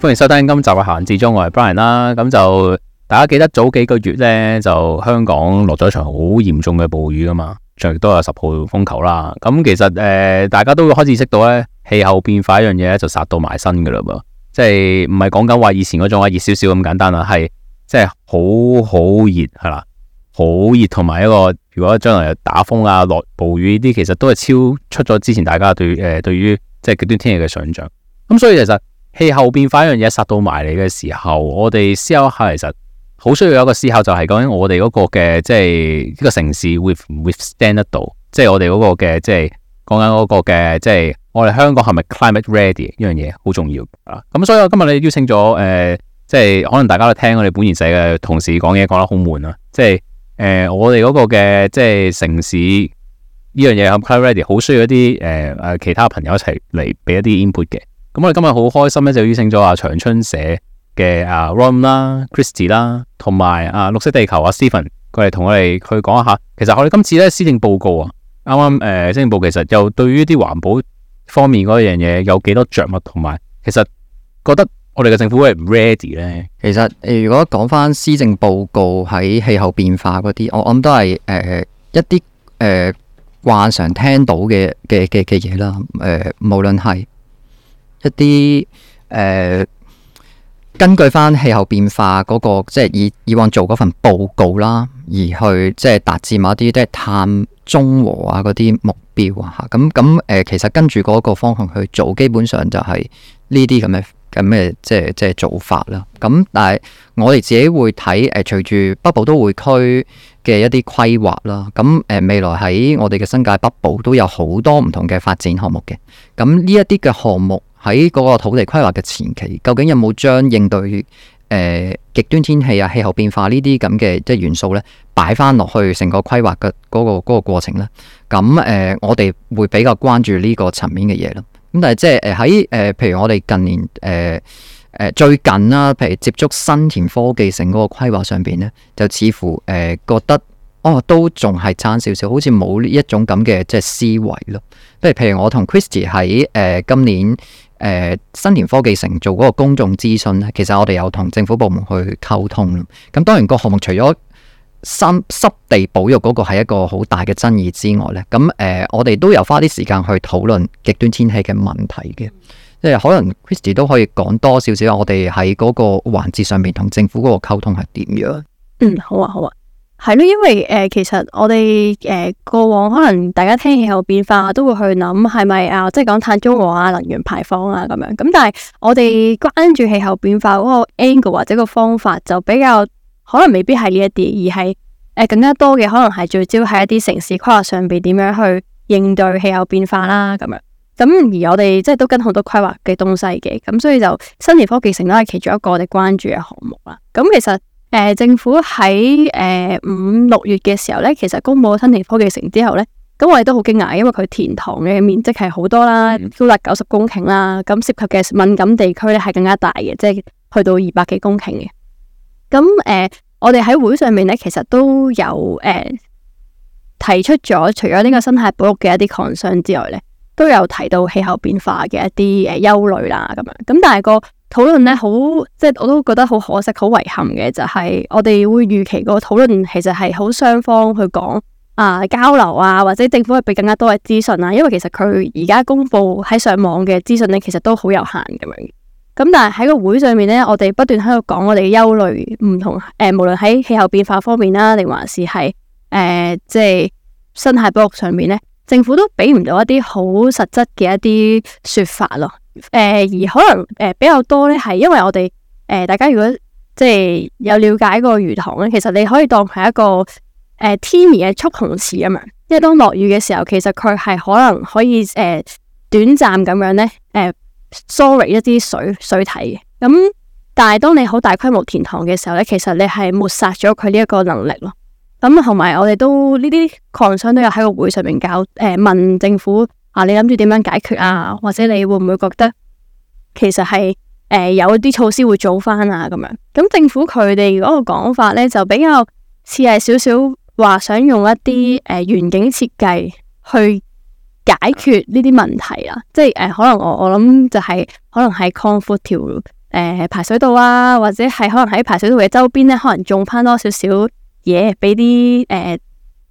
歡迎收聽今集嘅閒置中，我係 Brian 啦。咁就大家記得早幾個月呢，就香港落咗一場好嚴重嘅暴雨啊嘛，仲亦都有十號風球啦。咁其實誒、呃，大家都會開始識到呢，氣候變化一樣嘢就殺到埋身噶啦噃，即係唔係講緊話以前嗰種啊熱少少咁簡單啦，係、即係、好好熱係啦，係即係好好熱係啦，好熱同埋一個如果將來打風啊、落暴雨呢啲，其實都係超出咗之前大家對誒、呃、對於即係極端天氣嘅想象。咁所以其實。氣候變化一樣嘢殺到埋嚟嘅時候，我哋思考下，其實好需要有一個思考，就係究竟我哋嗰個嘅，即係呢個城市會唔會 stand 得到？即係我哋嗰個嘅，即係講緊嗰個嘅，即係我哋香港係咪 climate ready 呢樣嘢？好重要啊！咁所以我今日咧邀請咗誒，即係可能大家都聽我哋本研社嘅同事講嘢講得好悶啊！即係誒，我哋嗰個嘅即係城市呢樣嘢係唔 climate ready，好需要一啲誒誒其他朋友一齊嚟俾一啲 input 嘅。咁我哋今日好開心咧，就邀請咗啊長春社嘅啊 Roy 啦、Kristy 啦，同埋啊綠惜地球啊 Stephen 過嚟同我哋去講一下。其實我哋今次咧施政報告啊，啱啱誒，施政報告，其實又對於啲環保方面嗰樣嘢有幾多着墨，同埋其實覺得我哋嘅政府係唔 ready 咧？其實如果講翻施政報告喺氣候變化嗰啲，我我諗都係誒、呃、一啲誒慣常聽到嘅嘅嘅嘅嘢啦。誒、呃，無論係。一啲誒、呃，根據返氣候變化嗰、那個，即係以以往做嗰份報告啦，而去即係達至某一啲即係碳中和啊嗰啲目標啊。嚇，咁咁誒，其實跟住嗰個方向去做，基本上就係呢啲咁嘅咁嘅即係即係做法啦。咁但係我哋自己會睇誒，隨、呃、住北部都會區嘅一啲規劃啦。咁誒、呃、未來喺我哋嘅新界北部都有好多唔同嘅發展項目嘅。咁呢一啲嘅項目，喺嗰個土地規劃嘅前期，究竟有冇將應對誒極、呃、端天氣啊、氣候變化呢啲咁嘅即係元素呢擺翻落去成個規劃嘅嗰個嗰、嗰個、過程呢？咁誒、呃，我哋會比較關注呢個層面嘅嘢咯。咁但係即係喺誒，譬如我哋近年誒、呃呃、最近啦、啊，譬如接觸新田科技城嗰個規劃上邊呢，就似乎誒、呃、覺得哦，都仲係差少少，好似冇呢一種咁嘅即係思維咯。譬如我同 Kristy 喺誒、呃、今年，誒、呃、新田科技城做嗰個公眾諮詢咧，其實我哋有同政府部門去溝通。咁當然個項目除咗濕濕地保育嗰個係一個好大嘅爭議之外咧，咁誒、呃、我哋都有花啲時間去討論極端天氣嘅問題嘅。即係、嗯、可能 Kristy 都可以講多少少，我哋喺嗰個環節上面同政府嗰個溝通係點樣？嗯，好啊，好啊。係咯，因為誒、呃，其實我哋誒、呃、過往可能大家聽氣候變化都會去諗係咪啊，即係講碳中和啊、能源排放啊咁樣。咁但係我哋關注氣候變化嗰個 angle 或者個方法就比較可能未必係呢一啲，而係誒、呃、更加多嘅可能係聚焦喺一啲城市規劃上邊點樣去應對氣候變化啦咁樣。咁而我哋即係都跟好多規劃嘅東西嘅，咁所以就新田科技城都係其中一個我哋關注嘅項目啦。咁其實。呃、政府喺五六月嘅時候咧，其實公布新田科技城之後咧，咁我哋都好驚訝，因為佢填塘嘅面積係好多啦，高、嗯、達九十公頃啦，咁涉及嘅敏感地區咧係更加大嘅，即係去到二百幾公頃嘅。咁、呃、我哋喺會上面咧，其實都有誒、呃、提出咗，除咗呢個生態保育嘅一啲 concern 之外咧，都有提到氣候變化嘅一啲誒憂慮啦，咁樣咁，但係個。討論咧好，即係我都覺得好可惜、好遺憾嘅，就係、是、我哋會預期個討論其實係好雙方去講啊、呃、交流啊，或者政府去俾更加多嘅資訊啊。因為其實佢而家公布喺上網嘅資訊咧，其實都好有限咁樣。咁但係喺個會上面咧，我哋不斷喺度講我哋嘅憂慮，唔同誒、呃，無論喺氣候變化方面啦、啊，定還是係誒、呃，即係生態保育上面咧。政府都俾唔到一啲好實質嘅一啲說法咯，誒、呃、而可能誒、呃、比較多咧係因為我哋誒、呃、大家如果即係有了解過魚塘咧，其實你可以當係一個誒 m 然嘅蓄洪池咁樣，因、呃、為當落雨嘅時候，其實佢係可能可以誒、呃、短暫咁樣咧，誒 r y 一啲水水體嘅，咁但係當你好大規模田塘嘅時候咧，其實你係抹殺咗佢呢一個能力咯。咁同埋，我哋都呢啲抗商都有喺個會上面搞，誒、呃、問政府啊，你諗住點樣解決啊？或者你會唔會覺得其實係誒、呃、有啲措施會做返啊？咁樣咁政府佢哋嗰個講法咧，就比較似係少少話想用一啲誒園景設計去解決呢啲問題啊。即係誒、呃，可能我我諗就係、是、可能係擴闊條誒排水道啊，或者係可能喺排水道嘅周邊咧，可能種翻多少少。嘢俾啲誒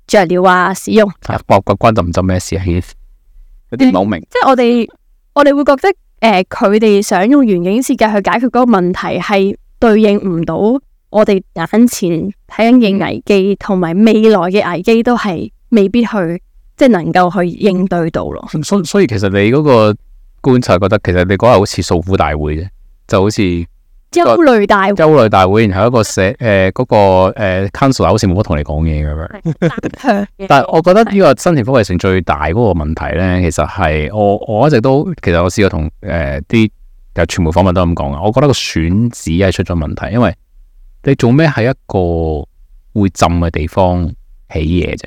著料啊使用，我個關就唔就咩事啊？有啲唔好明、嗯，即係我哋我哋會覺得誒，佢、呃、哋想用原景設計去解決嗰個問題，係對應唔到我哋眼前睇緊嘅危機，同埋、嗯、未來嘅危機都係未必去即係能夠去應對到咯。所以所以其實你嗰個觀察覺得，其實你嗰日好似訴苦大會啫，就好似。憂慮大會，憂慮大會，然後一個社誒，嗰、呃那個誒、呃、counsel 好似冇乜同你講嘢咁樣。的 但係我覺得呢個新田科技城最大嗰個問題咧，其實係我我一直都，其實我試過同誒啲誒傳媒訪問都咁講啊。我覺得個選址係出咗問題，因為你做咩喺一個會浸嘅地方起嘢啫？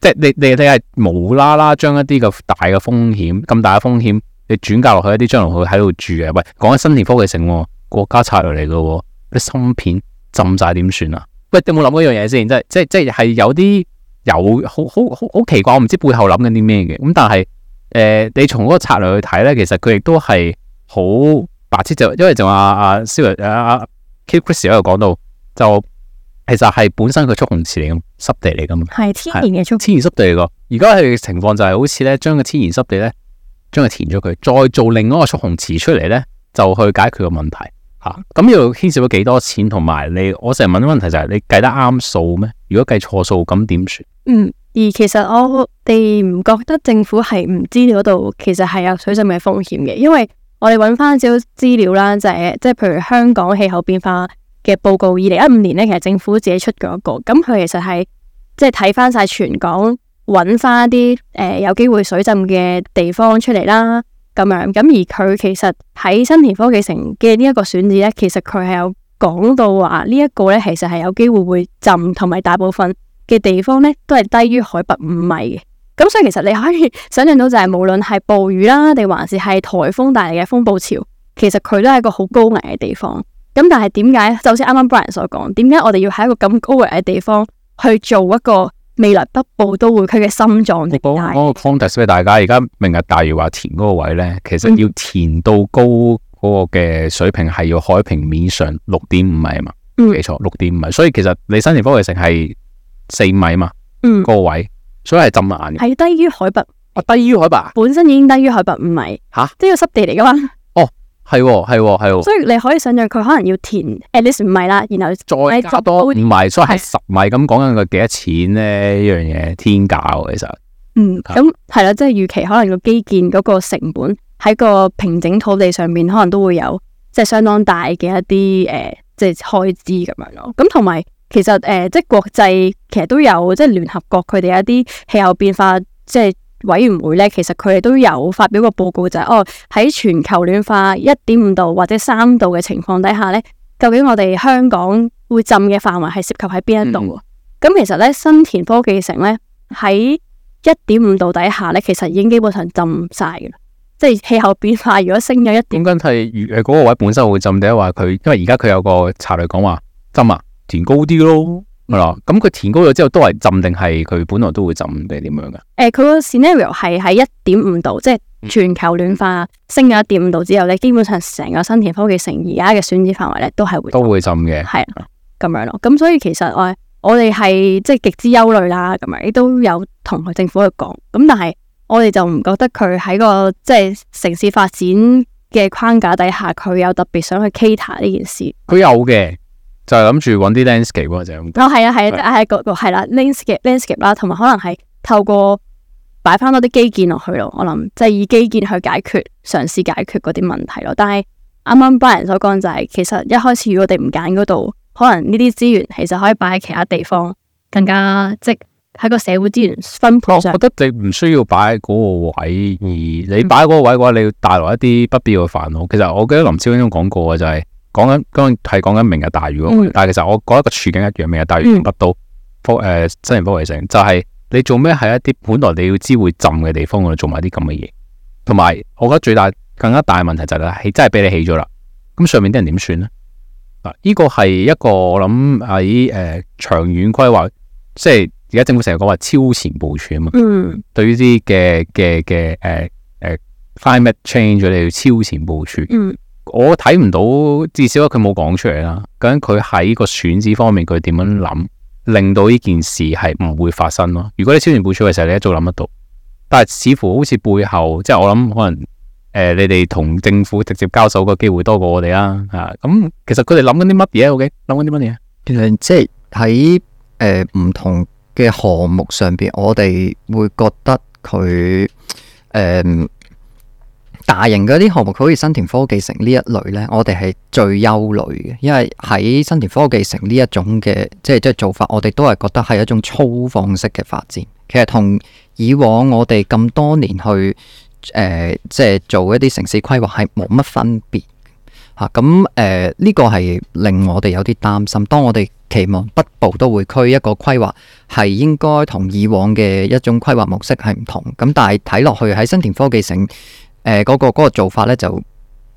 即、就、係、是、你你你是無啦啦將一啲嘅大嘅風險咁大嘅風險，你轉嫁落去一啲將來會喺度住嘅。喂，講緊新田科技城。國家策略嚟嘅、哦，啲芯片浸晒點算啊？喂，你有冇諗過一樣嘢？先即係即係即係係有啲有好好好好奇怪，我唔知背後諗緊啲咩嘅。咁但係誒、呃，你從嗰個策略去睇咧，其實佢亦都係好白癡，就因為就話、啊、阿肖、啊、玉阿、啊、阿 Kristy 喺度講到，就其實係本身佢蓄洪池嚟咁濕地嚟噶嘛，係天然嘅蓄，天然濕地嚟嘅。而家嘅情況就係好似咧，將個天然濕地咧，將佢填咗佢，再做另外一個蓄洪池出嚟咧，就去解決個問題。吓咁、啊、又牽涉咗幾多錢，同埋你我成日問啲問題就係、是、你計得啱數咩？如果計錯數咁點算？嗯，而其實我哋唔覺得政府係唔知嗰度其實係有水浸嘅風險嘅，因為我哋揾翻少資料啦，就係即係譬如香港氣候變化嘅報告二零一五年呢，其實政府自己出過一個，咁佢其實係即係睇翻晒全港揾翻啲誒有機會水浸嘅地方出嚟啦。咁樣，咁而佢其實喺新田科技城嘅呢一個選址咧，其實佢係有講到話呢一個咧，其實係有機會會浸，同埋大部分嘅地方咧都係低於海拔五米嘅。咁所以其實你可以想象到就係、是、無論係暴雨啦，定還是係颱風帶嚟嘅風暴潮，其實佢都係一個好高危嘅地方。咁但係點解？就好似啱啱 Brian 所講，點解我哋要喺一個咁高危嘅地方去做一個？未來北部都會區嘅心臟我的，我講嗰個 context 俾大家。而家明日大嶼話填嗰個位咧，其實要填到高嗰個嘅水平係要海平面上六點五米啊嘛，冇錯、嗯，六點五米。所以其實你新田科技城係四米嘛，嗰、嗯、個位，所以係浸埋嘅，係低於海拔啊，低於海拔本身已經低於海拔五米吓，即哈都要濕地嚟噶嘛。係喎，係喎、哦，係喎、哦。哦、所以你可以想象佢可能要填 at least 五米啦，然後再加多五米，是所以係十米講。咁講緊佢幾多錢咧？呢樣嘢天價喎、啊，其實。嗯，咁係啦，即係預期可能個基建嗰個成本喺個平整土地上面，可能都會有即係、就是、相當大嘅一啲誒，即、呃、係、就是、開支咁樣咯。咁同埋其實誒，即、呃、係、就是、國際其實都有即係聯合國佢哋一啲氣候變化即係。就是委員會咧，其實佢哋都有發表個報告，就是，就係哦喺全球暖化一點五度或者三度嘅情況底下咧，究竟我哋香港會浸嘅範圍係涉及喺邊一度？咁、嗯嗯、其實咧，新田科技城咧喺一點五度底下咧，其實已經基本上浸晒嘅啦。即係氣候變化如，如果升咗一點，咁係誒嗰個位本身會浸嘅話，佢因為而家佢有個策略講話浸啊，填高啲咯。咁佢、嗯、填高咗之後都係浸定係佢本來都會浸定係點樣嘅？誒、呃，佢個 scenario 係喺一點五度，即、就、係、是、全球暖化、嗯、升咗一點五度之後咧，基本上成個新田科技城而家嘅選址範圍咧都係會都會浸嘅，係咁的、嗯、樣咯。咁所以其實我我哋係即係極之憂慮啦，咁樣亦都有同佢政府去講。咁但係我哋就唔覺得佢喺個即係、就是、城市發展嘅框架底下，佢有特別想去 cater 呢件事。佢、嗯、有嘅。就係諗住搵啲 landscape 或者咁，哦係啊係，即係係個係啦 landscape landscape 啦，同埋、啊、可能係透過擺翻多啲基建落去咯。我諗就係、是、以基建去解決，嘗試解決嗰啲問題咯。但係啱啱班人所講就係，其實一開始如果我哋唔揀嗰度，可能呢啲資源其實可以擺喺其他地方，更加即係喺個社會資源分配、哦、我覺得你唔需要擺喺嗰個位，而你擺嗰個位嘅話，嗯、你要帶來一啲不必要嘅煩惱。其實我記得林超英都講過嘅就係、是。講緊，剛是講係講緊明日大嶼。嗯、但係其實我講一個處境一樣，明日大嶼用、嗯、啊、不到科，誒新田科技城，就係、是、你做咩係一啲本來你要知會浸嘅地方，我做埋啲咁嘅嘢。同埋，我覺得最大更加大嘅問題就係、是，係真係俾你起咗啦。咁上面啲人點算咧？嗱、啊、呢、這個係一個我諗喺誒長遠規劃，即係而家政府成日講話超前部署啊嘛。嗯。對於啲嘅嘅嘅誒誒，climate change 我哋要超前部署。嗯。我睇唔到，至少佢冇講出嚟啦。究竟佢喺個選址方面，佢點樣諗，令到呢件事係唔會發生咯？如果你超前部署嘅時候，你一早諗得到。但係似乎好似背後，即係我諗可能誒、呃，你哋同政府直接交手嘅機會多過我哋啦。啊，咁其實佢哋諗緊啲乜嘢？OK，諗緊啲乜嘢？其實即係喺誒唔同嘅項目上邊，我哋會覺得佢誒。呃大型嗰啲項目，佢好似新田科技城呢一類呢，我哋係最憂慮嘅，因為喺新田科技城呢一種嘅，即係即係做法，我哋都係覺得係一種粗放式嘅發展，其實同以往我哋咁多年去誒，即係做一啲城市規劃係冇乜分別吓，咁誒呢個係令我哋有啲擔心。當我哋期望北部都會區一個規劃係應該同以往嘅一種規劃模式係唔同，咁但係睇落去喺新田科技城。誒嗰、呃那個那個做法呢，就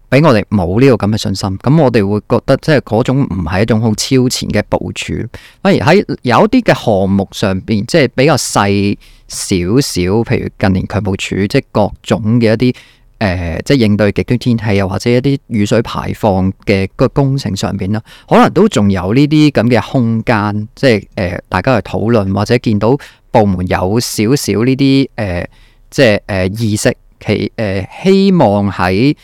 俾我哋冇呢個咁嘅信心。咁我哋會覺得即係嗰種唔係一種好超前嘅部署。反而喺有一啲嘅項目上面，即係比較細少少，譬如近年強部署，即係各種嘅一啲、呃、即係應對極端天氣，又或者一啲雨水排放嘅工程上面啦，可能都仲有呢啲咁嘅空間，即係、呃、大家去討論，或者見到部門有少少呢啲即係誒、呃、意識。其誒、呃、希望喺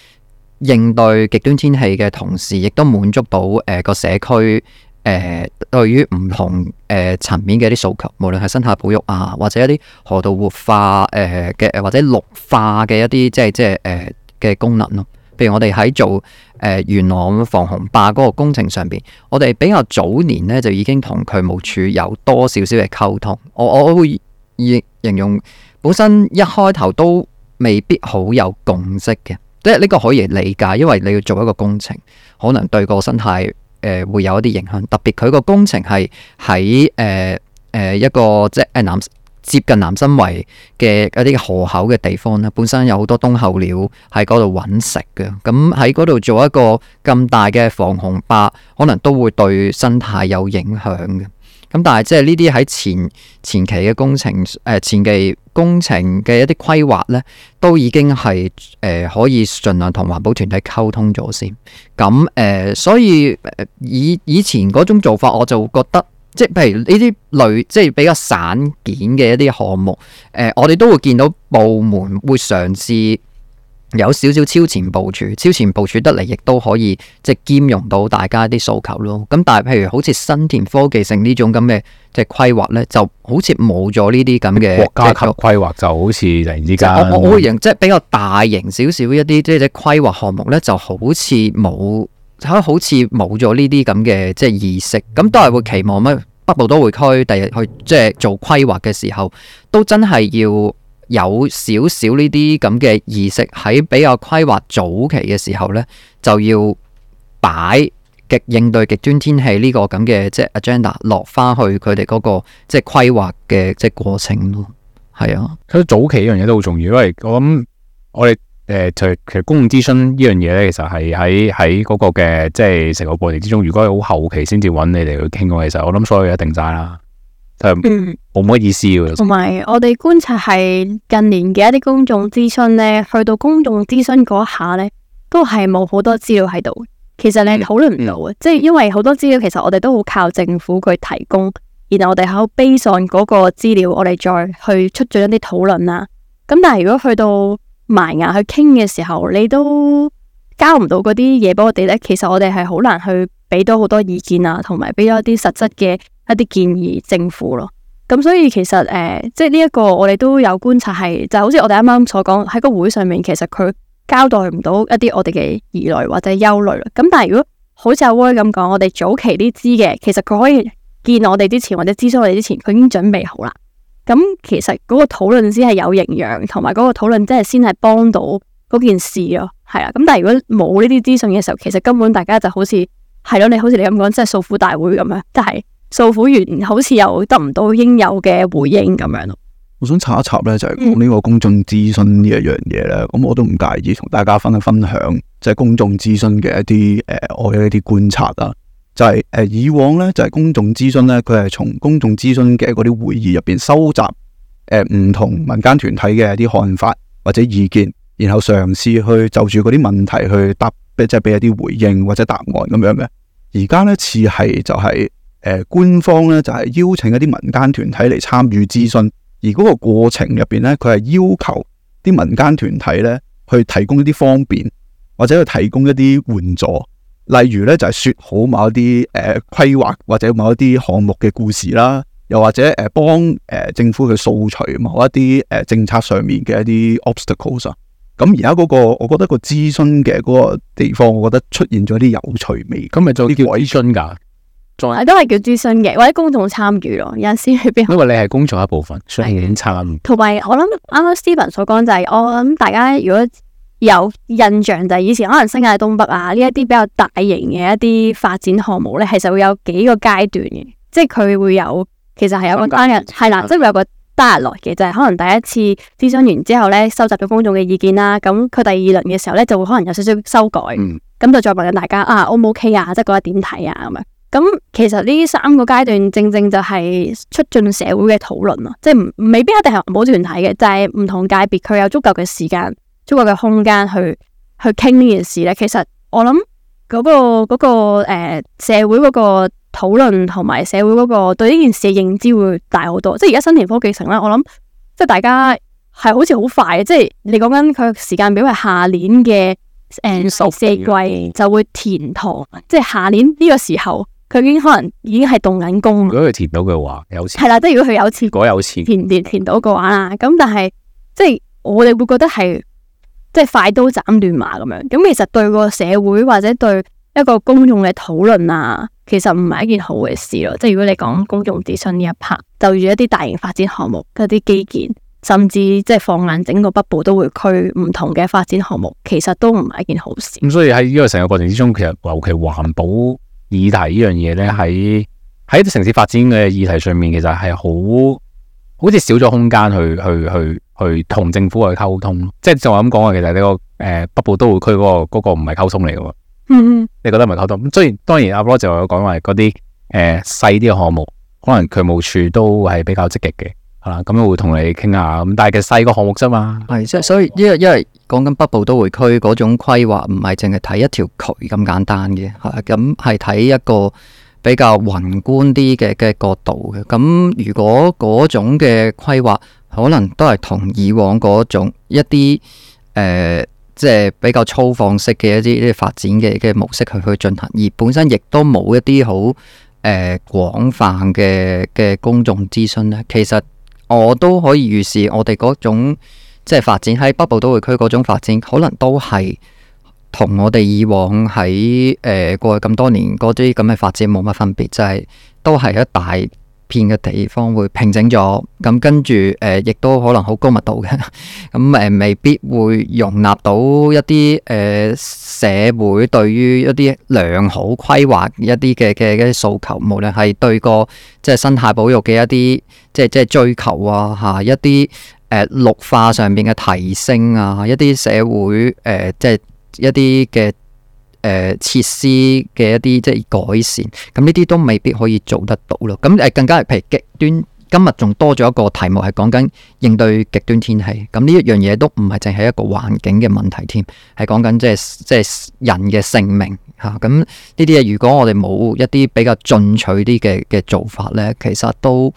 應對極端天氣嘅同時，亦都滿足到誒個、呃、社區誒、呃、對於唔同誒層、呃、面嘅啲訴求，無論係生態保育啊，或者一啲河道活化誒嘅、呃，或者綠化嘅一啲，即係即係誒嘅功能咯。譬如我哋喺做誒、呃、元朗防洪壩嗰個工程上邊，我哋比較早年呢，就已經同渠務署有多少少嘅溝通。我我會形容本身一開頭都未必好有共識嘅，即係呢個可以理解，因為你要做一個工程，可能對個生態誒、呃、會有一啲影響。特別佢個工程係喺誒誒一個即係南接近南新圍嘅一啲河口嘅地方咧，本身有好多冬候鳥喺嗰度揾食嘅，咁喺嗰度做一個咁大嘅防洪壩，可能都會對生態有影響嘅。咁但係即係呢啲喺前前期嘅工程誒、呃、前期。工程嘅一啲規劃呢，都已經係誒、呃，可以盡量同環保團體溝通咗先。咁誒、呃，所以以以前嗰種做法，我就覺得，即係譬如呢啲類即係比較散件嘅一啲項目，誒、呃，我哋都會見到部門會嘗試。有少少超前部署，超前部署得嚟亦都可以即係兼容到大家啲訴求咯。咁但係譬如好似新田科技城呢種咁嘅即係規劃咧，就好似冇咗呢啲咁嘅國家級規劃，就好似突然之間我,我會認即係比較大型少少一啲即係規劃項目咧，就好似冇好似冇咗呢啲咁嘅即係意識。咁都係會期望咩北部都會區第日去即係、就是、做規劃嘅時候，都真係要。有少少呢啲咁嘅意識喺比較規劃早期嘅時候呢，就要擺極應對極端天氣呢個咁嘅即係 agenda 落翻去佢哋嗰個即係規劃嘅即係過程咯。係啊，其實早期一樣嘢都好重要，因為我諗我哋誒、呃，其實公共諮詢呢樣嘢呢，其實係喺喺嗰個嘅即係成個過程之中，如果好後期先至揾你哋去傾嘅，其實我諗所有嘢一定晒啦。冇乜、嗯、意思同、啊、埋，我哋觀察係近年嘅一啲公眾諮詢咧，去到公眾諮詢嗰下咧，都係冇好多資料喺度。其實你討論唔到啊，嗯嗯、即係因為好多資料，其實我哋都好靠政府去提供，然後我哋喺度 base 上嗰個資料，我哋再去出咗一啲討論啊。咁但係如果去到埋牙去傾嘅時候，你都交唔到嗰啲嘢俾我哋咧，其實我哋係好難去俾到好多意見啊，同埋俾咗一啲實質嘅。一啲建議政府咯，咁所以其實、呃、即係呢一個我哋都有觀察係，就好似我哋啱啱所講喺個會上面，其實佢交代唔到一啲我哋嘅疑慮或者憂慮咯。咁但係如果好似阿威咁講，我哋早期啲知嘅，其實佢可以見我哋之前或者諮詢我哋之前，佢已經準備好啦。咁其實嗰個討論先係有營養，同埋嗰個討論即係先係幫到嗰件事咯，係啦。咁但係如果冇呢啲資訊嘅時候，其實根本大家就好似係咯，你好似你咁講，即係訴苦大會咁樣，但係訴苦員好似又得唔到應有嘅回應咁樣咯。我想插一插咧，就係講呢個公眾諮詢呢一樣嘢咧。咁、嗯、我都唔介意同大家分享分享，即、就、係、是、公眾諮詢嘅一啲誒、呃，我嘅一啲觀察啦、啊。就係、是、誒、呃，以往咧就係、是、公眾諮詢咧，佢係從公眾諮詢嘅嗰啲會議入邊收集誒，唔、呃、同民間團體嘅一啲看法或者意見，然後嘗試去就住嗰啲問題去答，即係俾一啲回應或者答案咁樣嘅。而家咧似係就係、是。誒，官方咧就係邀請一啲民間團體嚟參與諮詢，而嗰個過程入邊咧，佢係要求啲民間團體咧去提供一啲方便，或者去提供一啲援助，例如咧就係說好某一啲誒規劃或者某一啲項目嘅故事啦，又或者誒幫誒政府去掃除某一啲誒政策上面嘅一啲 obstacles 啊。咁而家嗰個，我覺得個諮詢嘅嗰個地方，我覺得出現咗啲有趣味，咁咪就叫做偽詢噶。都係叫諮詢嘅，或者公眾參與咯，有陣時去邊？因為你係公眾一部分，已經剛剛所以參與同埋我諗啱啱 Steven 所講就係、是，我諗大家如果有印象就係以前可能新界東北啊呢一啲比較大型嘅一啲發展項目咧，其實會有幾個階段嘅，即係佢會有其實係有個單日係啦，即係、嗯就是、有個單日來嘅，就係、是、可能第一次諮詢完之後咧，收集咗公眾嘅意見啦，咁佢第二輪嘅時候咧，就會可能有少少修改，咁、嗯、就再問下大家啊 O 唔 OK 啊，okay，即係覺得點睇啊咁樣。咁其實呢三個階段正正就係促進社會嘅討論啊，即係未必一定係唔好團體嘅，就係、是、唔同界別佢有足夠嘅時間、足夠嘅空間去去傾呢件事咧。其實我諗嗰、那個、那個誒、呃、社會嗰個討論同埋社會嗰個對呢件事嘅認知會大好多。即係而家新田科技城咧，我諗即係大家係好似好快即係你講緊佢時間表係下年嘅誒、呃、第四季就會填塘，即係下年呢個時候。佢已經可能已經係動緊工。如果佢填到嘅話，有錢係啦，即係如果佢有錢，填填填到嘅話啦，咁但係即係我哋會覺得係即係快刀斬亂麻咁樣。咁其實對個社會或者對一個公眾嘅討論啊，其實唔係一件好嘅事咯。嗯、即係如果你講公眾諮詢呢一 part，就住一啲大型發展項目一啲基建，甚至即係放眼整個北部都會區唔同嘅發展項目，其實都唔係一件好事。咁所以喺呢個成個過程之中，其實尤其環保。議題呢樣嘢呢，喺喺城市發展嘅議題上面，其實係好好似少咗空間去去去去同政府去溝通，即係就我咁講啊，其實呢個誒北部都會區嗰個嗰個唔係溝通嚟嘅喎。嗯，嗯你覺得唔係溝通？雖然當然阿 Roy 就話講埋嗰啲誒細啲嘅項目，可能渠務處都係比較積極嘅，係啦，咁樣會同你傾下咁。但係其實細個項目啫嘛，係即係所以因為講緊北部都會區嗰種規劃，唔係淨係睇一條渠咁簡單嘅，咁係睇一個比較宏觀啲嘅嘅角度嘅。咁如果嗰種嘅規劃，可能都係同以往嗰種一啲誒，即係比較粗放式嘅一啲發展嘅嘅模式去去進行，而本身亦都冇一啲好誒廣泛嘅嘅公眾諮詢咧。其實我都可以預示，我哋嗰種。即係發展喺北部都會區嗰種發展，可能都係同我哋以往喺誒、呃、過去咁多年嗰啲咁嘅發展冇乜分別，就係、是、都係一大片嘅地方會平整咗，咁跟住誒亦都可能好高密度嘅，咁誒、呃、未必會容納到一啲誒、呃、社會對於一啲良好規劃一啲嘅嘅一啲訴求，無論係對個即係生態保育嘅一啲即係即係追求啊嚇、啊、一啲。誒，綠、呃、化上面嘅提升啊，一啲社會誒，即、呃、係、就是、一啲嘅誒設施嘅一啲即係改善，咁呢啲都未必可以做得到咯。咁誒，更加譬如極端，今日仲多咗一個題目係講緊應對極端天氣。咁呢一樣嘢都唔係淨係一個環境嘅問題添，係講緊即係即係人嘅性命吓。咁呢啲嘢，如果我哋冇一啲比較進取啲嘅嘅做法呢，其實都。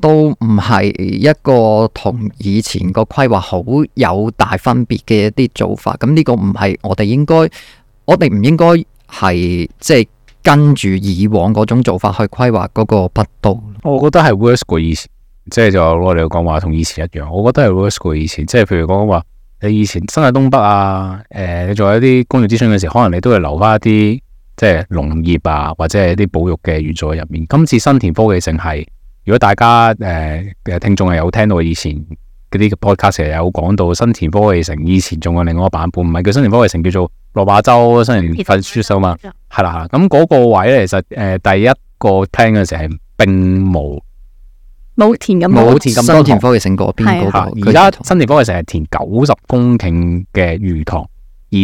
都唔係一個同以前個規劃好有大分別嘅一啲做法，咁呢個唔係我哋應該，我哋唔應該係即係跟住以往嗰種做法去規劃嗰個北都。我覺得係 worse 過以前，即係就我哋講話同以前一樣。我覺得係 worse 過以前，即係譬如講話你以前生喺東北啊，誒、呃，你做一啲工業諮詢嘅時候，可能你都係留翻一啲即係農業啊，或者係一啲保育嘅元素喺入面。今次新田科技城係。如果大家誒誒、呃、聽眾係有聽到以前嗰啲 podcast 有講到新田科技城，以前仲有另一個版本，唔係叫新田科技城，叫做落馬洲新田粉書生嘛，係啦，咁嗰個位呢，其實誒、呃、第一個聽嘅時候係並冇冇填咁冇填咁多新田科技城嗰邊，而家新田科技城係的、那個、填九十公頃嘅魚塘，而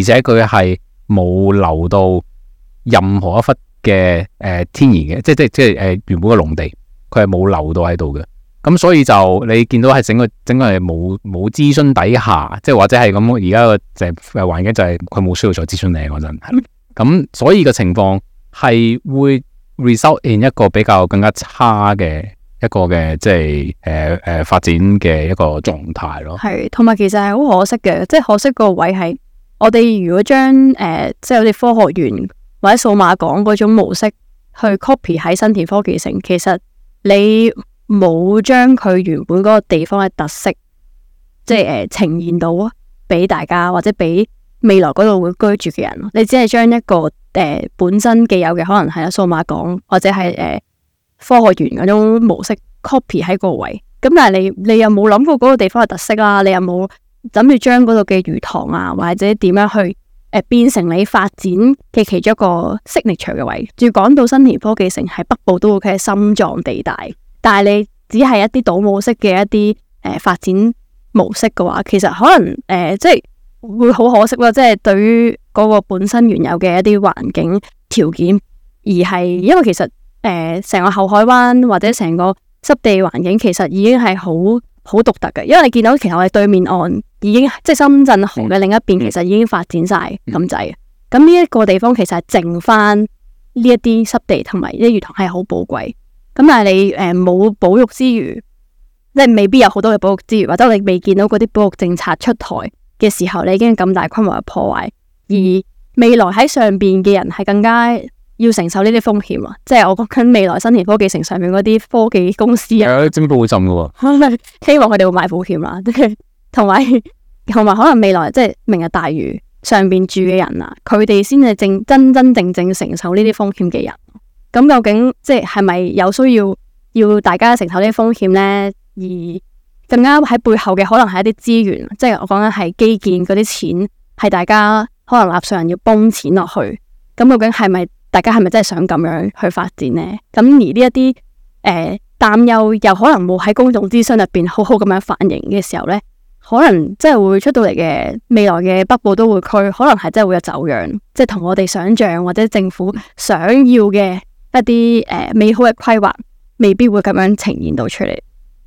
且佢係冇留到任何一忽嘅誒天然嘅，即即即誒、呃、原本嘅農地。佢係冇留到喺度嘅，咁所以就你見到係整個整個係冇冇諮詢底下，即係或者係咁。而家個就環境就係佢冇需要再諮詢你嗰陣，咁所以個情況係會 result in 一個比較更加差嘅一個嘅，即係誒誒發展嘅一個狀態咯。係同埋其實係好可惜嘅，即係可惜個位係我哋如果將誒即係我哋科學園或者數碼港嗰種模式去 copy 喺新田科技城，其實。你冇將佢原本嗰個地方嘅特色，即係呃，呈現到俾大家，或者俾未來嗰度會居住嘅人。你只係將一個誒，本身既有嘅，可能係啦數碼港或者係誒，科學園嗰種模式 copy 喺個位。咁但係你你又冇諗過嗰個地方嘅特色啦，你又冇諗住將嗰度嘅魚塘啊，或者點樣去？呃、變成你發展嘅其中一個吸引力嘅位置，仲要講到新田科技城係北部都會嘅心臟地帶，但係你只係一啲倒模式嘅一啲誒、呃、發展模式嘅話，其實可能誒、呃、即係會好可惜啦，即、就、係、是、對於嗰個本身原有嘅一啲環境條件而是，而係因為其實誒成、呃、個后海灣或者成個濕地環境，其實已經係好。好獨特嘅，因為你見到其實我哋對面岸已經即係深圳河嘅另一邊，其實已經發展晒咁滯。咁呢一個地方其實係剩翻呢一啲濕地同埋啲魚塘係好寶貴。咁但係你誒冇、呃、保育之餘，即係未必有好多嘅保育之源保育之餘，或者你未見到嗰啲保育政策出台嘅時候，你已經咁大規模嘅破壞，而未來喺上邊嘅人係更加。要承受呢啲風險啊，即係我講緊未來新田科技城上面嗰啲科技公司啊，係啊，啲會浸噶 希望佢哋會買保險啦。同埋同埋，可能未來即係明日大嶼上邊住嘅人啊，佢哋先至正真真正正承受呢啲風險嘅人。咁究竟即係係咪有需要要大家承受呢啲風險呢？而更加喺背後嘅可能係一啲資源，即係我講緊係基建嗰啲錢，係大家可能納稅人要崩錢落去。咁究竟係咪？大家係咪真係想咁樣去發展呢？咁而呢一啲誒擔憂又可能冇喺公眾諮詢入邊好好咁樣反映嘅時候呢，可能真係會出到嚟嘅未來嘅北部都會區，可能係真係會有走樣，即係同我哋想象或者政府想要嘅一啲誒、呃、美好嘅規劃，未必會咁樣呈現到出嚟。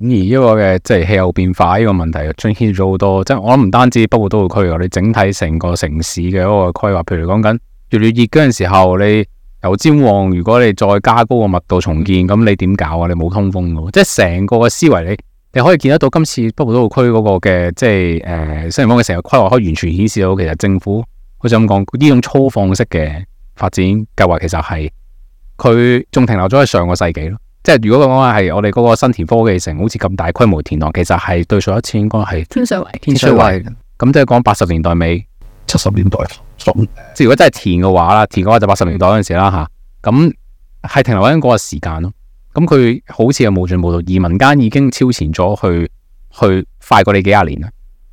而呢個嘅即係氣候變化呢個問題，牽涉咗好多，即係我諗唔單止北部都會區，我哋整體成個城市嘅嗰個規劃，譬如講緊。越嚟越熱嗰時候，你由尖旺，如果你再加高個密度重建，咁你點搞啊？你冇通風喎，即係成個嘅思維，你你可以見得到今次北部都會區嗰個嘅即係誒、呃、新田坊嘅成個規劃，可以完全顯示到其實政府好似咁講呢種粗放式嘅發展計劃，其實係佢仲停留咗喺上個世紀咯。即係如果講係我哋嗰個新田科技城，好似咁大規模填塘，其實係對上一次應該係天水圍，天水圍。咁即係講八十年代尾、七十年代。即係如果真係填嘅話啦，填嘅話就八十年代嗰陣時啦吓，咁係停留緊嗰個時間咯。咁佢好似又冇進步到，而民間已經超前咗去去快過你幾廿年啦。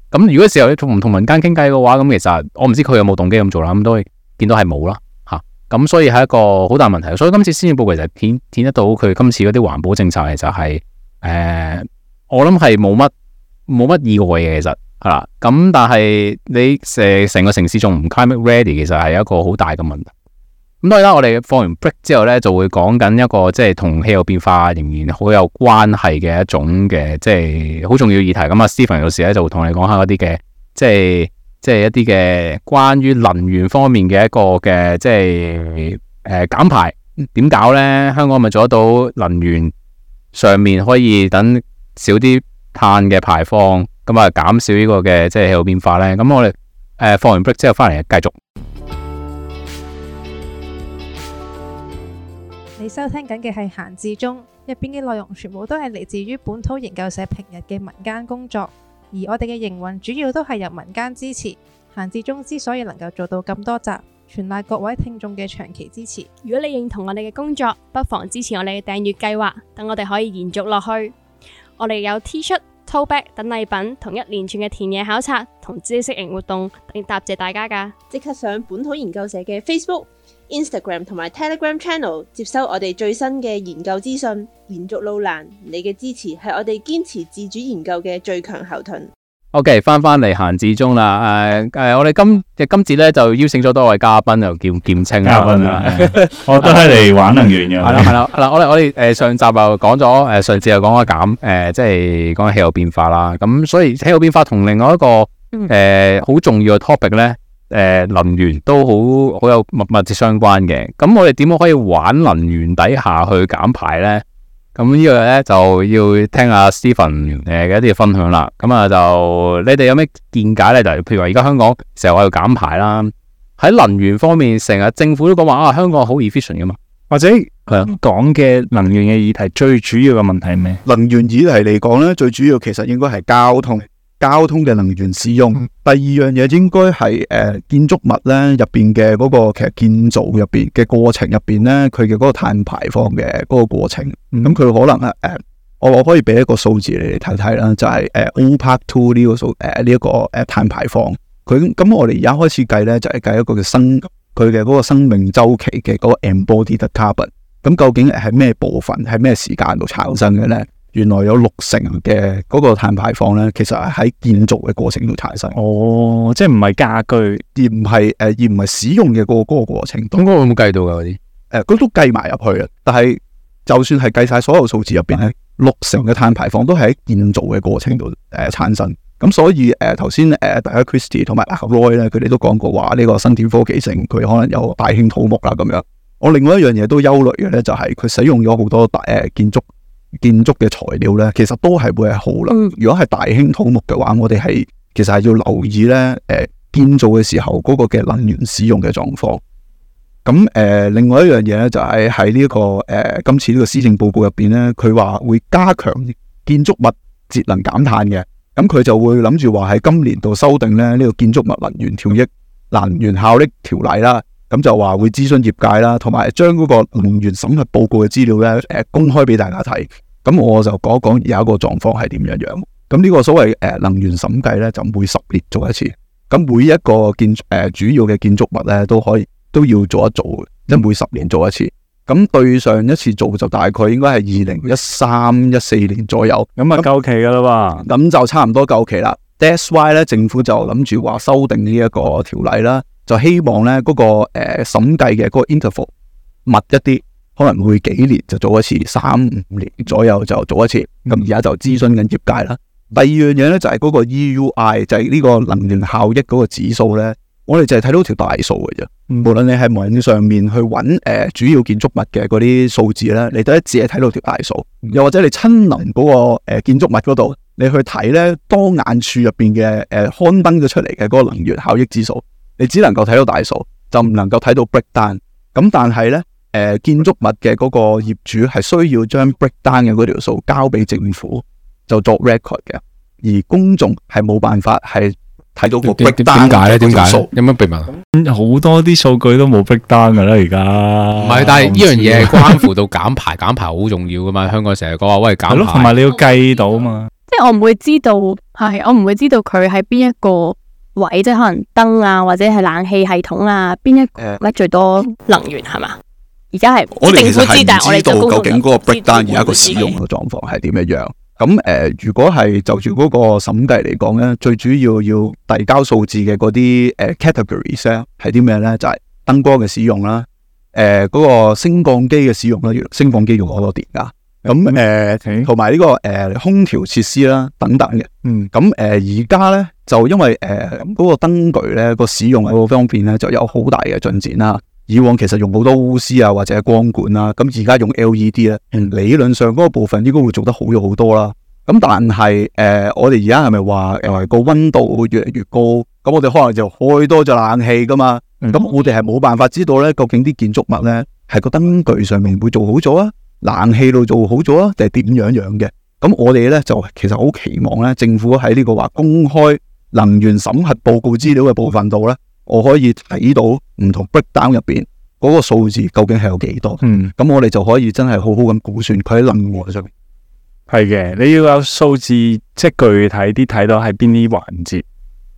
咁如果時候你仲唔同民間傾偈嘅話，咁其實我唔知佢有冇動機咁做啦。咁都見到係冇啦吓。咁所以係一個好大問題。所以今次先至報其實檢檢得到佢今次嗰啲環保政策其實係誒，我諗係冇乜冇乜意外嘅其實。係啦，咁、嗯、但係你成成個城市仲唔 climate ready，其實係一個好大嘅問題。當然啦，我哋放完 break 之後咧，就會講緊一個即係同氣候變化仍然好有關係嘅一種嘅，即係好重要議題。咁啊，Steven 有時咧，就會同你講下嗰啲嘅，即係即係一啲嘅關於能源方面嘅一個嘅，即係誒減排點搞咧？香港咪做得到能源上面可以等少啲碳嘅排放？咁啊，減、嗯、少呢個嘅即係氣候變化呢。咁我哋誒、呃、放完 break 之後翻嚟繼續。你收聽緊嘅係閒置中，入邊嘅內容全部都係嚟自於本土研究社平日嘅民間工作，而我哋嘅營運主要都係由民間支持。閒置中之所以能夠做到咁多集，全賴各位聽眾嘅長期支持。如果你認同我哋嘅工作，不妨支持我哋嘅訂閱計劃，等我哋可以延續落去。我哋有 T 恤。Tote bag 等禮品，同一連串嘅田野考察同知識型活動，嚟答謝大家㗎。即刻上本土研究社嘅 Facebook、Instagram 同埋 Telegram channel 接收我哋最新嘅研究資訊。延續路難，你嘅支持係我哋堅持自主研究嘅最強後盾。OK，翻翻嚟閒置中啦，誒誒，我哋今嘅今次咧就邀請咗多位嘉賓，又叫劍青啦。嘉賓啊，我都係嚟玩能源嘅。係啦係啦，嗱我哋我哋誒上集又講咗，誒上次又講咗減，誒即係講緊氣候變化啦。咁所以氣候變化同另外一個誒好重要嘅 topic 咧，誒能源都好好有密密切相關嘅。咁我哋點樣可以玩能源底下去減排咧？咁呢個咧就要聽阿 Steven 誒嘅一啲分享啦。咁啊，就你哋有咩見解咧？就譬如話而家香港成日話要減排啦，喺能源方面成日政府都講話啊，香港好 efficient 噶嘛。或者講嘅能源嘅議題最主要嘅問題係咩？能源議題嚟講咧，最主要其實應該係交通。交通嘅能源使用，嗯、第二樣嘢應該係誒建築物咧入邊嘅嗰個其實建造入邊嘅過程入邊咧，佢嘅嗰個碳排放嘅嗰個過程，咁佢、嗯、可能係誒，我、呃、我可以俾一個數字你哋睇睇啦，就係誒 whole part two 呢個數誒呢一個碳排放，佢咁我哋而家開始計咧，就係、是、計一個嘅生佢嘅嗰個生命周期嘅嗰個 embodied carbon，咁究竟係咩部分，係咩時間度產生嘅咧？原來有六成嘅嗰個碳排放咧，其實係喺建造嘅過程度產生。哦，即係唔係家具，而唔係誒，而唔係使用嘅過嗰個過程度。咁嗰個有冇計到噶嗰啲？誒、呃，佢、那個、都計埋入去啊。但係就算係計晒所有數字入邊咧，是的六成嘅碳排放都係喺建造嘅過程度誒產生。咁的所以誒，頭先誒大家 Kristy 同埋 Roy 咧，佢哋都講過話呢、這個新田科技城佢可能有大興土木啦咁樣。我另外一樣嘢都憂慮嘅咧，就係、是、佢使用咗好多大誒、呃、建築。建築嘅材料呢，其實都係會係好啦。如果係大興土木嘅話，我哋係其實係要留意呢誒、呃，建造嘅時候嗰個嘅能源使用嘅狀況。咁誒、呃，另外一樣嘢呢，就係喺呢個誒今次呢個施政報告入邊呢，佢話會加強建築物節能減碳嘅。咁佢就會諗住話喺今年度修訂咧呢、這個建築物能源條例、能源效益條例啦。咁就話會諮詢業界啦，同埋將嗰個能源審核報告嘅資料咧，誒，公開俾大家睇。咁我就講講有一個狀況係點樣樣。咁呢個所謂誒能源審計咧，就每十年做一次。咁每一個建誒、呃、主要嘅建築物咧，都可以都要做一做，即每十年做一次。咁對上一次做就大概應該係二零一三一四年左右。咁啊，夠期噶啦吧？咁就差唔多夠期啦。That’s why 咧，政府就諗住話修訂呢一個條例啦。就希望咧，嗰、那個誒、呃、審計嘅嗰個 interval 密一啲，可能每幾年就做一次，三五年左右就做一次。咁而家就在諮詢緊業界啦。嗯、第二樣嘢咧就係、是、嗰個 EUI，就係呢個能源效益嗰個指數咧。我哋就係睇到條大數嘅啫。嗯、無論你喺網上面去揾誒、呃、主要建築物嘅嗰啲數字咧，你都一只係睇到條大數。嗯、又或者你親臨嗰、那個、呃、建築物嗰度，你去睇咧，當眼處入邊嘅誒刊登咗出嚟嘅嗰個能源效益指數。你只能夠睇到大數，就唔能夠睇到 break n 咁但係咧、呃，建築物嘅嗰個業主係需要將 break n 嘅嗰條數交俾政府，就作 record 嘅。而公眾係冇辦法係睇到個 break 單嘅條數。呢有乜秘密好多啲數據都冇 break n 噶啦，而家唔係。但係呢不樣嘢係關乎到減排， 減排好重要噶嘛？香港成日講話喂減排，同埋你要計到嘛？即係我唔會知道，係我唔會知道佢係邊一個。位即係可能燈啊，或者係冷氣系統啊，邊一個咩最多能源係嘛？而家係我哋其實係知道，但究竟嗰個 breakdown 而家個使用嘅狀況係點樣？咁誒、嗯嗯呃，如果係就住嗰個審計嚟講咧，最主要要遞交數字嘅嗰啲誒、呃、category set 係啲咩咧？就係、是、燈光嘅使用啦，誒、呃、嗰、那個升降機嘅使用啦，升降機用好多電噶。咁誒同埋呢個誒、呃、空調設施啦，等等嘅。嗯。咁誒而家咧。呃就因為誒，嗰個燈具咧個使用個方面咧,就有好大嘅進展啦。以往其實用好多鎢絲啊，或者光管啦，咁而家用 LED 咧，理論上嗰個部分應該會做得好咗好多啦。咁但係誒，我哋而家係咪話誒個溫度會越嚟越高？咁我哋可能就開多隻冷氣噶嘛。咁我哋係冇辦法知道咧，究竟啲建築物咧係個燈具上面會做好咗啊，冷氣度做好咗啊，定係點樣樣嘅？咁我哋咧就其實好期望咧，政府喺呢個話公開。能源審核報告資料嘅部分度咧，我可以睇到唔同 breakdown 入邊嗰個數字究竟係有幾多少，咁、嗯、我哋就可以真係好好咁估算佢喺能耗上。係嘅，你要有數字即係具體啲睇到喺邊啲環節，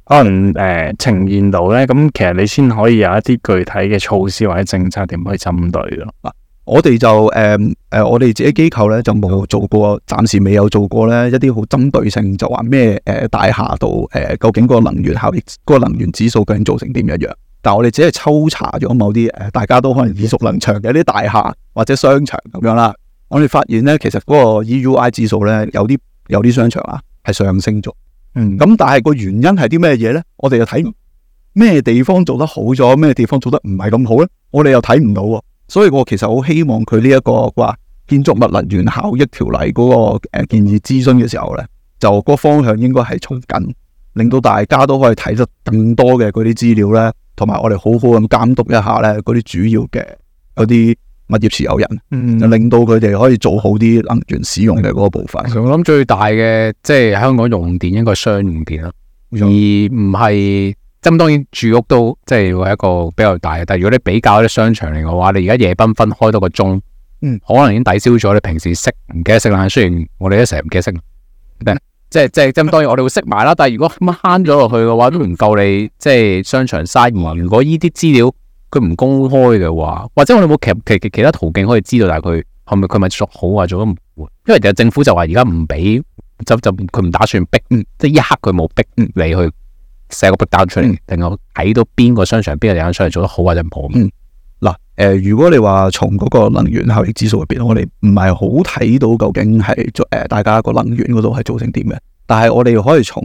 可能誒、呃的呃、呈現到咧，咁其實你先可以有一啲具體嘅措施或者政策點去針對咯。啊我哋就誒誒、呃，我哋自己機構咧就冇做過，暫時未有做過咧一啲好針對性，就話咩誒大廈度誒、呃，究竟個能源效益、個能源指數究竟做成點樣樣？但係我哋只係抽查咗某啲誒，大家都可能耳熟能詳嘅一啲大廈或者商場咁樣啦。我哋發現咧，其實嗰個 EUI 指數咧，有啲有啲商場啊係上升咗，嗯，咁但係個原因係啲咩嘢咧？我哋又睇咩地方做得好咗，咩地方做得唔係咁好咧？我哋又睇唔到喎。所以我其實好希望佢呢一個話建築物能源效益條例嗰個誒建議諮詢嘅時候呢，就個方向應該係從緊，令到大家都可以睇得更多嘅嗰啲資料呢，同埋我哋好好咁監督一下呢嗰啲主要嘅嗰啲物業持有人，嗯、就令到佢哋可以做好啲能源使用嘅嗰個部分。我諗最大嘅即係香港用電應該係商用電啦，而唔係。咁當然住屋都即係一個比較大嘅，但如果你比較啲商場嚟嘅話，你而家夜繽紛開多個鐘，嗯，可能已經抵消咗你平時熄唔記得熄啦。雖然我哋一成日唔記得熄，即係即係咁當然我哋會熄埋啦。但係如果咁慳咗落去嘅話，都唔夠你即係商場嘥。如果依啲資料佢唔公開嘅話，或者我哋冇其其其他途徑可以知道，但係佢係咪佢咪熟好啊？做咗唔好？因為其實政府就話而家唔俾，就就佢唔打算逼，即係一刻佢冇逼你去。寫個不單出嚟，定我睇到邊個商場、邊、嗯、個地產商場做得好或者唔好嗱，誒、嗯呃，如果你話從嗰個能源效益指數入邊，我哋唔係好睇到究竟係誒、呃，大家個能源嗰度係做成點嘅。但係我哋可以從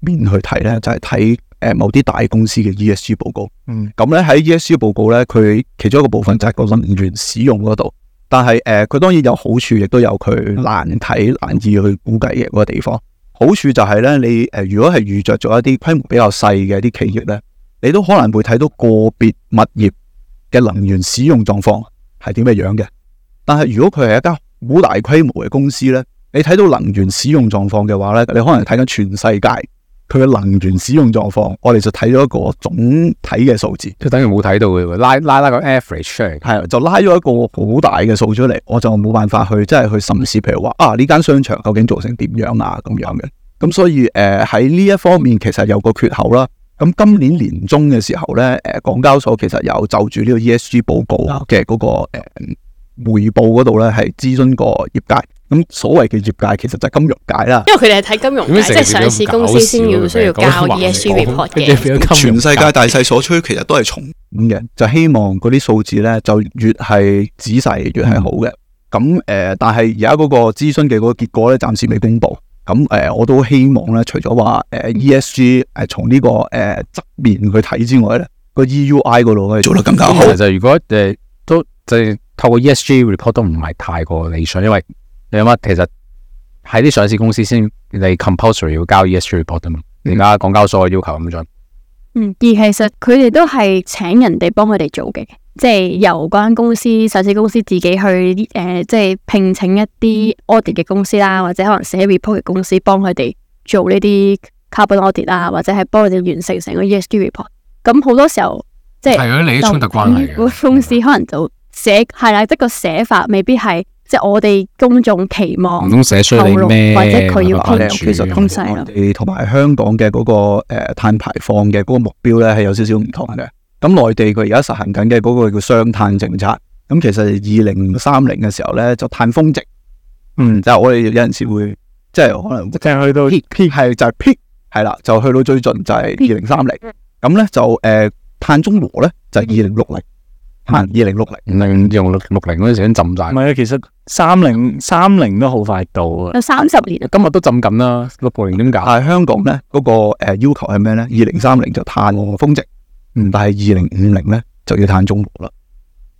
面去睇咧，就係睇誒某啲大公司嘅 E S G 報告。嗯，咁咧喺 E S G 報告咧，佢其中一個部分就係個個能源使用嗰度。但係誒，佢、呃、當然有好處，亦都有佢難睇、嗯、難以去估計嘅嗰個地方。好處就係咧，你，誒，如果係遇着咗一啲規模比較細嘅一啲企業咧，你都可能會睇到個別物業嘅能源使用狀況係點嘅樣嘅。但係如果佢係一家好大規模嘅公司咧，你睇到能源使用狀況嘅話咧，你可能睇緊全世界。佢嘅能源使用狀況，我哋就睇咗一個總體嘅數字，即等於冇睇到嘅，拉拉拉個 average，係，就拉咗一個好大嘅數出嚟，我就冇辦法去即係去審視，譬如話啊呢間商場究竟做成點樣啊咁樣嘅，咁所以誒喺呢一方面其實有個缺口啦。咁今年年中嘅時候咧，誒、呃、港交所其實有就住呢個 ESG 報告嘅嗰、那個誒匯 Okay.、呃、報嗰度咧，係諮詢過業界。咁所謂嘅業界其實就係金融界啦，因為佢哋係睇金融，即係上市公司先要需要交 E S G report 嘅。全世界大勢所趨，其實都係從咁嘅，就希望嗰啲數字咧就越係仔細越係好嘅。咁誒、嗯，但係而家嗰個諮詢嘅嗰個結果咧，暫時未公布。咁誒、嗯，我都希望咧，除咗話誒 E S G 誒從呢個誒側面去睇之外咧，嗯、個 E U I 嗰度可以做得更加好。其實如果誒都就係透過 E S G report 都唔係太過理想，因為。有乜？其實喺啲上市公司先，你 compulsory 要交 ESG report 啊嘛，而家港交所嘅要求咁準。嗯，而其實佢哋都係請人哋幫佢哋做嘅，即、就、係、是、由嗰公司、上市公司自己去誒，即、呃、係、就是、聘請一啲 audit 嘅公司啦，或者可能寫 report 嘅公司幫佢哋做呢啲 carbon audit 啊，或者係幫佢哋完成成個 ESG report。咁好多時候即係有啲利益衝突關係嘅公司，可能就寫係啦，即係個寫法未必係。即係我哋公眾期望透露，或者佢要披露嘅東西啦。同埋、okay, 香港嘅嗰、那個誒、呃、碳排放嘅嗰個目標咧係有少少唔同嘅。咁內地佢而家實行緊嘅嗰個叫雙碳政策。咁其實二零三零嘅時候咧就碳峰值。嗯，就我哋有陣時會、嗯、即係可能即係去到 peak 係叮就係 peak 係啦，就去到最近就係二零三零。咁咧叮就誒、呃、碳中和咧就係二零六零。係二零六零，零、嗯、用六六零嗰陣時浸晒。唔係啊，其實三零三零都好快到啊。有三十年啊，今日都浸緊啦。六六零點解？但係香港咧，嗰、那個誒要求係咩咧？二零三零就碳達峰值，嗯，但係二零五零咧就要碳中和啦。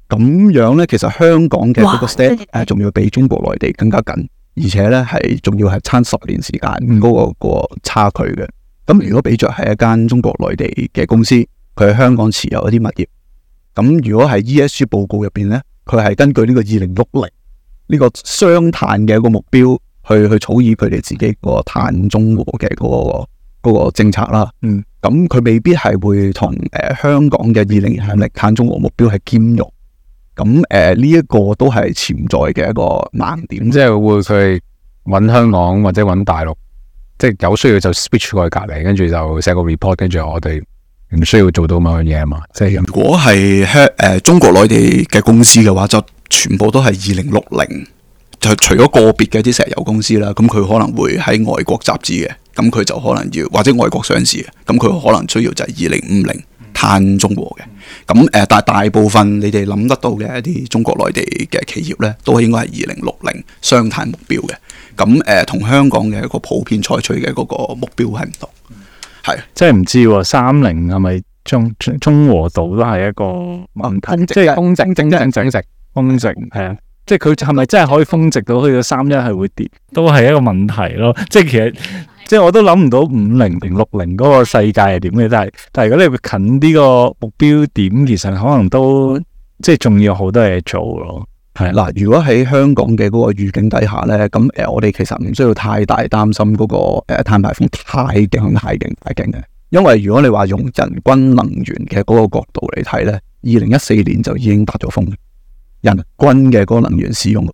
咁樣咧，其實香港嘅嗰個 step 誒哇，仲要比中國內地更加緊，而且咧係仲要係差十年時間嗰、那個、嗯、個差距嘅。咁如果比着係一間中國內地嘅公司，佢喺香港持有一啲物業。咁如果係 ESG 報告入邊呢，佢係根據呢個二零六零呢個雙碳嘅一個目標去去草擬佢哋自己個碳中和嘅嗰、嗰個嗰個政策啦。嗯，咁佢未必係會同誒、呃、香港嘅二零六零碳中和目標係兼容。咁誒呢一個都係潛在嘅一個盲點。即係會去揾香港或者揾大陸，即係有需要就 switch 過去隔離，跟住就寫個 report，跟住我哋。唔需要做到某、就是、樣嘢啊嘛，即係如果係香誒中國內地嘅公司嘅話，就全部都係二零六零，就除咗個別嘅啲石油公司啦，咁佢可能會喺外國集資嘅，咁佢就可能要或者外國上市嘅，咁佢可能需要就係二零五零碳中和嘅。咁誒、呃，但係大部分你哋諗得到嘅一啲中國內地嘅企業咧，都係應該係二零六零雙碳目標嘅。咁誒，同、呃、香港嘅一個普遍採取嘅嗰個目標係唔同。係，即係唔知三零係咪中中和度都係一個問題，即係峰值、整正，正、整值、峰值，係啊，啊即係佢係咪真係可以峰值到去到三一係會跌，都係一個問題咯。即係其實，的即係我都諗唔到五零定六零嗰個世界係點嘅，但係但係如果你近呢個目標點，其實可能都即係仲要好多嘢做咯。係啦，如果喺香港嘅嗰個預警底下咧，咁誒，我哋其實唔需要太大擔心嗰個誒碳排放太勁、太勁、太勁嘅，因為如果你話用人均能源嘅嗰個角度嚟睇咧，二零一四年就已經達咗峰，人均嘅嗰個能源使用。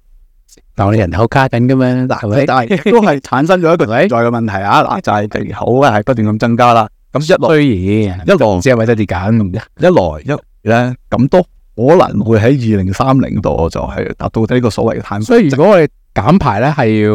但係我哋人口加緊嘅咩？對對 但係都係產生咗一個人在嘅問題啊！嗱， 就係人口係不斷咁增加啦，咁一來雖然一來，知係咪得跌緊？一來一咧咁多。可能會喺二零三零度就係達到呢個所謂嘅碳。所以如果我哋減排咧，係要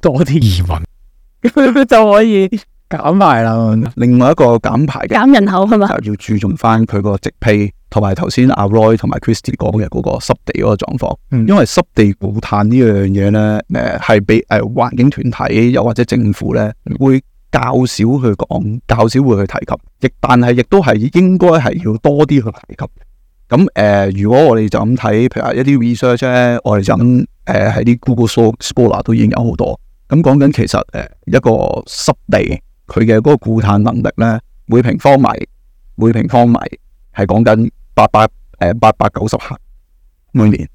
多啲移民 就可以減排啦。另外一個減排減人口係嘛，要注重翻佢個植被，同埋頭先阿 Roy 同埋 Kristy 講嘅嗰個濕地嗰個狀況，因為濕地固碳呢樣嘢咧，誒係俾誒環境團體又或者政府咧會較少去講，較少會去提及，亦但係亦都係應該係要多啲去提及。咁誒、呃，如果我哋就咁睇，譬如話一啲 research 咧，我、呃、哋就咁誒喺啲 Google Search Spooler 都已經有好多。咁講緊其實誒、呃，一個濕地佢嘅嗰個固碳能力咧，每平方米每平方米係講緊八百誒八百九十克每年，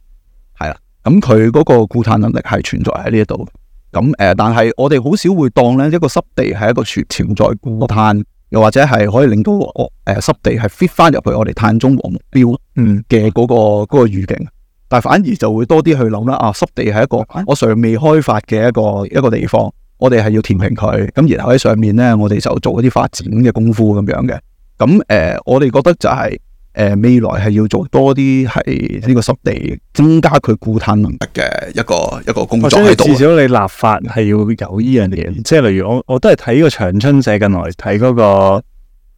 係啦。咁佢嗰個固碳能力係存在喺呢一度。咁誒、呃，但係我哋好少會當咧一個濕地係一個存在固碳。又或者係可以令到我誒濕、呃、地係 fit 翻入去我哋碳中和目標嘅嗰、那個嗰、嗯、個預警，但係反而就會多啲去諗啦。啊，濕地係一個我尚未開發嘅一個一個地方，我哋係要填平佢，咁然後喺上面咧，我哋就做一啲發展嘅功夫咁樣嘅。咁誒、呃，我哋覺得就係、是。誒，未來係要做多啲係呢個濕地增加佢固碳能力嘅一個一個工作。至少你立法係要有呢樣嘢，即係例如我我都係睇個長春社近來睇嗰，那個，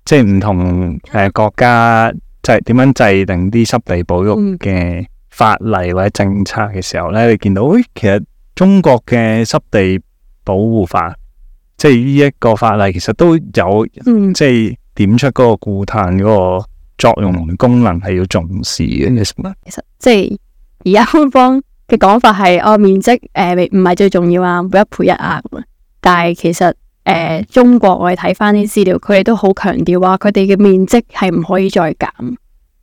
即係唔同誒、呃、國家即係點、就是、樣制定啲濕地保育嘅法例或者政策嘅時候咧，你見到，其實中國嘅濕地保護法，即係呢一個法例，其實都有即係、就是、點出嗰個固碳嗰，那個。作用同功能係要重視嘅。其實即係而家官方嘅講法係哦面積誒唔唔係最重要啊，每一倍一啊。但係其實誒中國我哋睇翻啲資料，佢哋都好強調話，佢哋嘅面積係唔可以再減。咁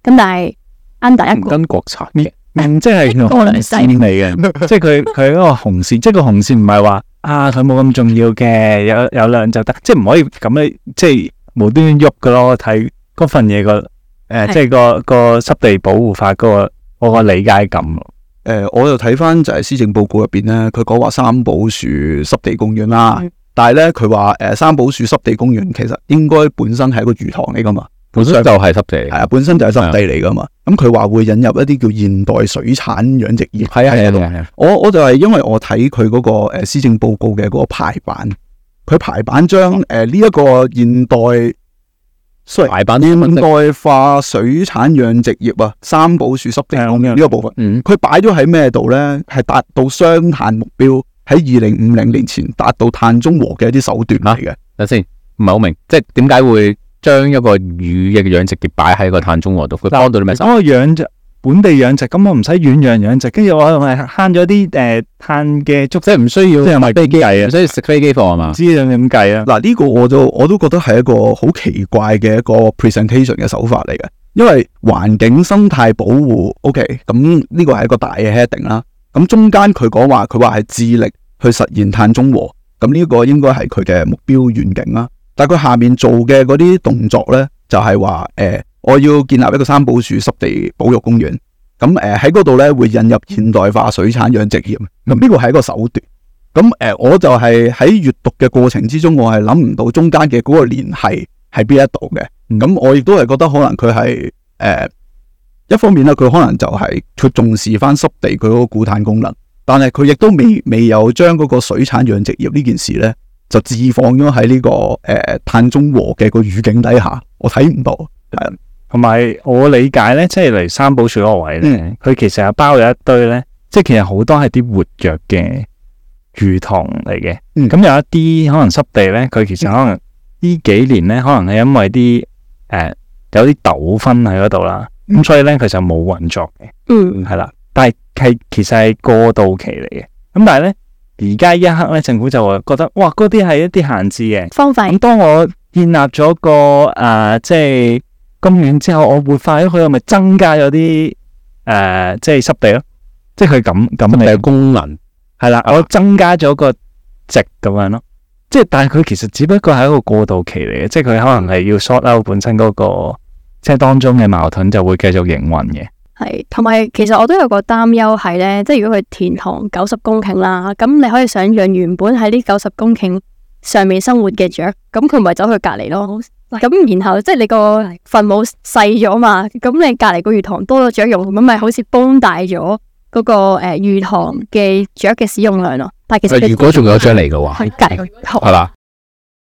但係 under 一個跟國策嘅，面積係用線嚟嘅，即係佢佢嗰個紅線，即係個紅線唔係話啊佢冇咁重要嘅，有有量就得，即係唔可以咁樣即係無端端喐噶咯。睇嗰份嘢個。誒、呃，即係個是個，個濕地保護法，那個我個理解咁誒、呃，我就睇翻就係施政報告入邊咧，佢講話三寶樹濕地公園啦，的但係咧佢話誒三寶樹濕地公園其實應該本身係一個魚塘嚟噶嘛本，本身就係濕地，係啊，本身就係濕地嚟噶嘛。咁佢話會引入一啲叫現代水產養殖業，係啊係啊。我我就係因為我睇佢嗰個誒施、呃、政報告嘅嗰個排版，佢排版將誒呢一個現代。所以大把啲現代化水產養殖業啊，三寶樹濕地呢個部分，佢、嗯、擺咗喺咩度咧？係達到雙碳目標，喺二零五零年前達到碳中和嘅一啲手段嚟嘅，啊。等先，唔係好明，即係點解會將一個魚嘅養殖業擺喺個碳中和度？佢幫到你咩？哦，養着。本地養殖，咁我唔使遠洋養殖，跟住我係咪慳咗啲碳嘅足？即係唔需要即係買飛機嚟啊，所以食飛機貨係嘛？知啊，點計啊。嗱，呢個我就我都覺得係一個好奇怪嘅一個 presentation 嘅手法嚟嘅，因為環境生態保護 OK，咁呢個係一個大嘅 heading 啦。咁中間佢講話，佢話係致力去實現碳中和，咁呢個應該係佢嘅目標遠景啦。但佢下面做嘅嗰啲動作咧，就係話我要建立一個三寶樹濕地保育公園，咁誒喺嗰度咧會引入現代化水產養殖業，咁呢個係一個手段。咁誒，我就係喺閱讀嘅過程之中，我係諗唔到中間嘅嗰個聯繫係邊一度嘅。咁我亦都係覺得可能佢係誒，一方面咧佢可能就係佢重視翻濕地佢嗰個固碳功能，但係佢亦都未未有將嗰個水產養殖業呢件事咧就置放咗喺呢個誒、呃、碳中和嘅個語境底下，我睇唔到。嗯。同埋我理解咧，即係嚟三寶樹嗰位咧，佢、嗯、其實係包咗一堆咧，即係其實好多係啲活躍嘅魚塘嚟嘅。咁、嗯、有一啲可能濕地咧，佢其實可能呢幾年咧，可能係因為啲誒、呃、有啲糾紛喺嗰度啦，咁、嗯、所以咧佢就冇運作嘅。嗯，係啦，但係係其實係過渡期嚟嘅。咁但係咧，而家一刻咧，政府就話覺得，哇，嗰啲係一啲閒置嘅。方法廢咁，當我建立咗個誒、呃，即係。咁遠之後，我活化咗佢，我咪增加咗啲誒，即係濕地咯，即係佢咁咁嘅功能，係啦，的啊、我增加咗個值咁樣咯，即係但係佢其實只不過係一個過渡期嚟嘅，即係佢可能係要甩出本身嗰、嗰個即係當中嘅矛盾，就會繼續營運嘅。係，同埋其實我都有個擔憂係咧，即係如果佢填塘九十公頃啦，咁你可以想像原本喺呢九十公頃上面生活嘅雀，咁佢咪走去隔籬咯。咁然後即係你個分母細咗嘛？咁你隔籬個魚塘多咗雀用，咁咪好似幫大咗嗰個誒魚塘嘅雀嘅使用量咯。但係其實如果仲有張嚟嘅話，係咪？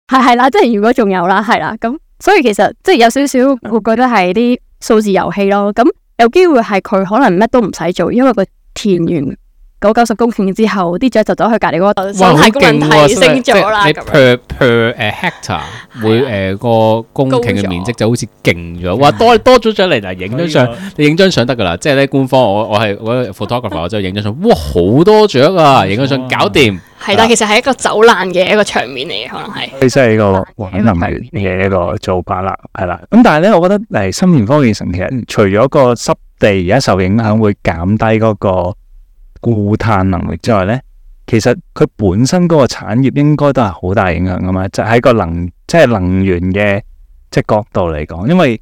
係係啦，即係如果仲有啦，係啦。咁所以其實即係有少少，我覺得係啲數字遊戲咯。咁有機會係佢可能乜都唔使做，因為個田園。九九十公頃之後，啲雀就走去隔籬嗰個生態公園提升咗啦。咁樣，即係 per per 誒 hectare 會誒個公頃嘅面積就好似勁咗。哇，多多咗雀嚟，嗱，影張相，你影張相得噶啦。即係咧，官方我我係我 photographer，我就影張相。哇，好多雀啊！影張相搞掂係，但係其實係一個走爛嘅一個場面嚟嘅，可能係。你真係一個玩林嘅一個做法啦，係啦。咁但係咧，我覺得誒，新田科技城其實除咗個濕地而家受影響，會減低嗰個。固碳能力之外咧，其實佢本身嗰個產業應該都係好大影響噶嘛，就喺、是、個能即係能源嘅即角度嚟講，因為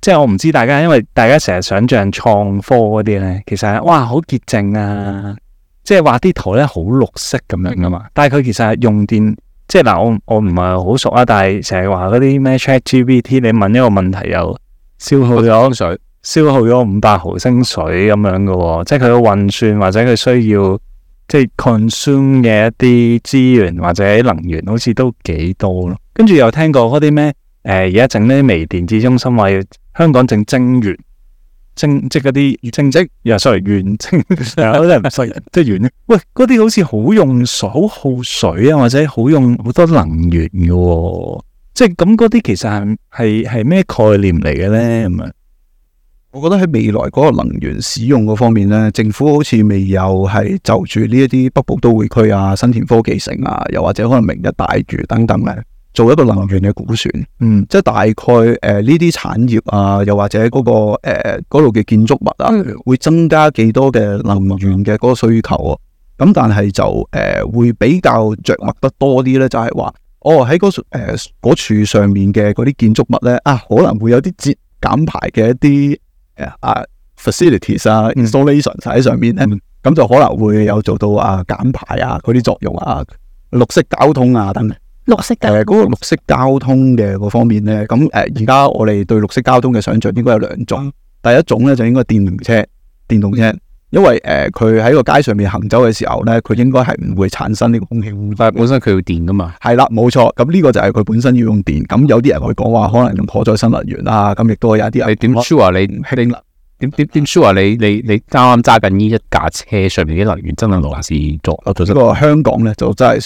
即係我唔知大家，因為大家成日想像創科嗰啲咧，其實係哇好潔淨啊，嗯、即係話啲圖咧好綠色咁樣噶嘛，嗯、但係佢其實係用電，即係嗱我我唔係好熟啊，但係成日話嗰啲咩 ChatGPT，你問一個問題又消耗咗水。消耗咗五百毫升水咁樣嘅，即係佢嘅運算或者佢需要即係 consume 嘅一啲資源或者能源，好似都幾多咯。跟住又聽過嗰啲咩？誒、呃，而家整呢啲微電子中心話要香港整晶圓、晶積嗰啲晶積，又所謂圓晶，真係唔識人，即係圓咧。喂，嗰啲好似好用水，好耗水啊，或者好用好多能源嘅，哦，即係咁嗰啲其實係係係咩概念嚟嘅咧？咁啊？我覺得喺未來嗰個能源使用嗰方面咧，政府好似未有係就住呢一啲北部都會區啊、新田科技城啊，又或者可能明日大嶼等等咧，做一個能源嘅估算。嗯，即係大概誒呢啲產業啊，又或者嗰個誒嗰度嘅建築物啊，的會增加幾多嘅能源嘅嗰個需求啊？咁但係就誒會比較着墨得多啲咧，就係話哦喺嗰誒處上面嘅嗰啲建築物咧啊，可能會有啲節減排嘅一啲。啊、uh,，facilities 啊、uh,，installation 晒喺上面咧，咁、嗯、就可能會有做到啊減排啊嗰啲作用啊，綠色交通啊等、等。綠色誒，嗰、呃那個綠色交通嘅嗰方面咧，咁誒而家我哋對綠色交通嘅想象應該有兩種，第一種咧就應該電動車、電動車。因為誒，佢、呃、喺個街上面行走嘅時候咧，佢應該係唔會產生呢個空氣污染。但本身佢要電噶嘛。係啦，冇錯。咁呢個就係佢本身要用電。咁有啲人佢講話可能用可再生能源啦、啊，咁亦都係有啲人說。你點 sure 你？點點點 sure 你？你你啱啱揸緊呢一架車上面啲能源真係難事做。呢個香港咧就真係